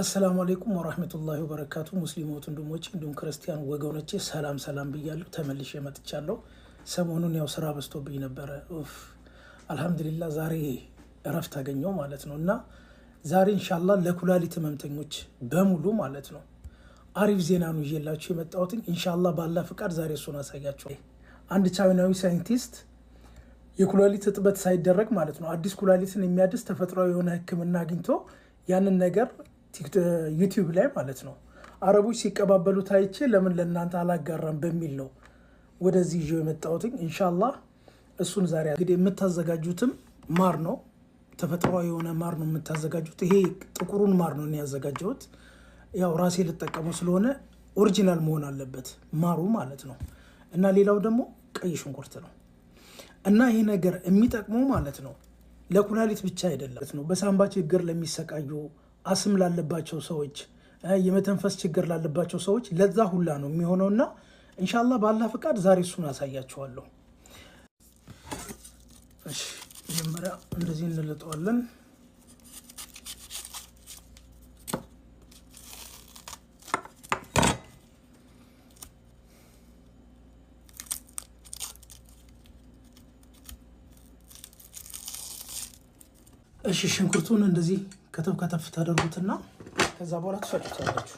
አሰላሙ አሌይኩም ወራህመቱላሂ ወበረካቱ። ሙስሊሞት ወንድሞች እንዲሁም ክርስቲያን ወገኖቼ ሰላም ሰላም ብያለሁ። ተመልሼ መጥቻለሁ። ሰሞኑን ያው ስራ በዝቶብኝ ነበረ። አልሐምዱሊላ ዛሬ እረፍት አገኘው ማለት ነው እና ዛሬ እንሻላ ለኩላሊት ህመምተኞች በሙሉ ማለት ነው አሪፍ ዜና ነው ይዤላችሁ የመጣሁት። እንሻላ ባላ ፍቃድ ዛሬ እሱን አሳያቸው። አንድ ቻይናዊ ሳይንቲስት የኩላሊት እጥበት ሳይደረግ ማለት ነው አዲስ ኩላሊትን የሚያድስ ተፈጥሯዊ የሆነ ህክምና አግኝቶ ያንን ነገር ዩቲዩብ ላይ ማለት ነው። አረቦች ሲቀባበሉት አይቼ ለምን ለእናንተ አላጋራም በሚል ነው ወደዚህ ይዤው የመጣሁትኝ። እንሻላ እሱን ዛሬ እንግዲህ የምታዘጋጁትም ማር ነው፣ ተፈጥሯዊ የሆነ ማር ነው የምታዘጋጁት። ይሄ ጥቁሩን ማር ነው ያዘጋጀሁት። ያው ራሴ ልጠቀመው ስለሆነ ኦሪጂናል መሆን አለበት ማሩ ማለት ነው። እና ሌላው ደግሞ ቀይ ሽንኩርት ነው። እና ይሄ ነገር የሚጠቅመው ማለት ነው ለኩላሊት ብቻ አይደለም ነው በሳምባ ችግር ለሚሰቃዩ አስም ላለባቸው ሰዎች፣ የመተንፈስ ችግር ላለባቸው ሰዎች ለዛ ሁላ ነው የሚሆነው እና እንሻላ ባላ ፈቃድ ዛሬ እሱን አሳያችኋለሁ። መጀመሪያ እንደዚህ እንልጠዋለን። እሺ ሽንኩርቱን እንደዚህ ከተፍ ከተፍ ታደርጉትና ከዛ በኋላ ትፈጩታላችሁ።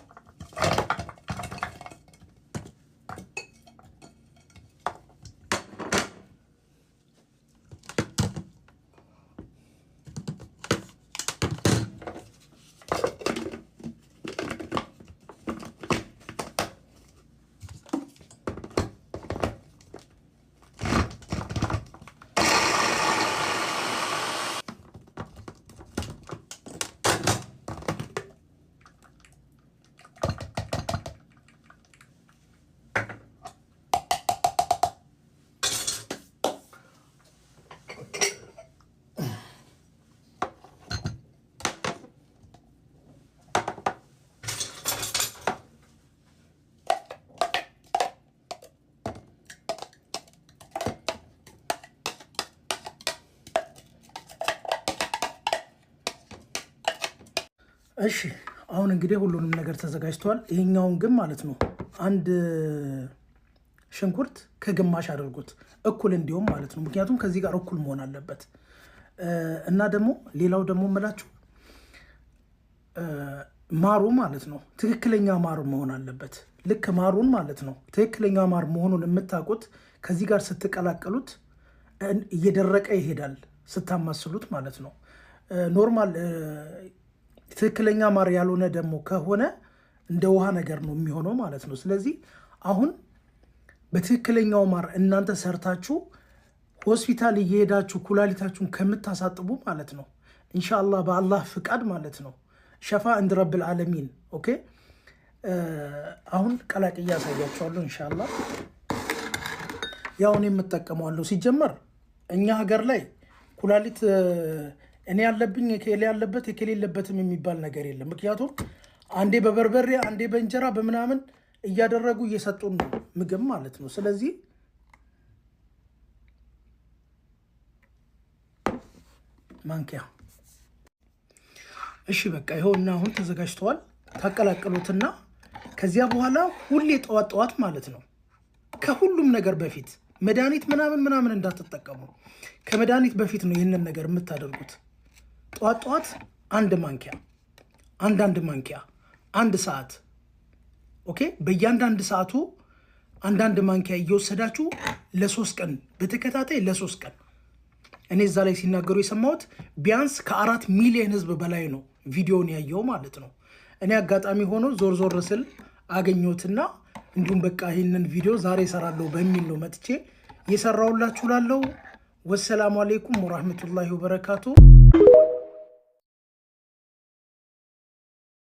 እሺ አሁን እንግዲህ ሁሉንም ነገር ተዘጋጅቷል። ይሄኛውን ግን ማለት ነው አንድ ሽንኩርት ከግማሽ አድርጉት እኩል እንዲሁም ማለት ነው። ምክንያቱም ከዚህ ጋር እኩል መሆን አለበት እና ደግሞ ሌላው ደግሞ የምላችሁ ማሩ ማለት ነው ትክክለኛ ማር መሆን አለበት። ልክ ማሩን ማለት ነው ትክክለኛ ማር መሆኑን የምታውቁት ከዚህ ጋር ስትቀላቀሉት እየደረቀ ይሄዳል ስታማስሉት ማለት ነው። ኖርማል ትክክለኛ ማር ያልሆነ ደግሞ ከሆነ እንደ ውሃ ነገር ነው የሚሆነው ማለት ነው። ስለዚህ አሁን በትክክለኛው ማር እናንተ ሰርታችሁ ሆስፒታል እየሄዳችሁ ኩላሊታችሁን ከምታሳጥቡ ማለት ነው እንሻላ በአላህ ፍቃድ ማለት ነው ሸፋ እንድ ረብል ዓለሚን ኦኬ። አሁን ቀላቅዬ ያሳያችኋለሁ ኢንሻአላህ። ያውን የምጠቀመዋለሁ ሲጀመር እኛ ሀገር ላይ ኩላሊት እኔ ያለብኝ ኬሌ ያለበት የኬሌ የለበትም የሚባል ነገር የለም። ምክንያቱም አንዴ በበርበሬ አንዴ በእንጀራ በምናምን እያደረጉ እየሰጡን ነው ምግብ ማለት ነው። ስለዚህ ማንኪያ እሺ፣ በቃ ይኸውና አሁን ተዘጋጅተዋል። ታቀላቀሉትና ከዚያ በኋላ ሁሌ ጠዋት ጠዋት ማለት ነው ከሁሉም ነገር በፊት መድኃኒት ምናምን ምናምን እንዳትጠቀሙ። ከመድኃኒት በፊት ነው ይህንን ነገር የምታደርጉት። ጧት ጧት አንድ ማንኪያ አንዳንድ ማንኪያ አንድ ሰዓት ኦኬ፣ በእያንዳንድ ሰዓቱ አንዳንድ ማንኪያ እየወሰዳችሁ ለሶስት ቀን በተከታታይ ለሶስት ቀን እኔ እዛ ላይ ሲናገሩ የሰማሁት ቢያንስ ከአራት ሚሊዮን ህዝብ በላይ ነው ቪዲዮን ያየው ማለት ነው። እኔ አጋጣሚ ሆኖ ዞር ዞር ስል አገኘሁትና እንዲሁም በቃ ይህንን ቪዲዮ ዛሬ እሰራለሁ በሚል ነው መጥቼ የሰራሁላችሁ ላለው። ወሰላሙ አሌይኩም ወራህመቱላሂ ወበረካቱ።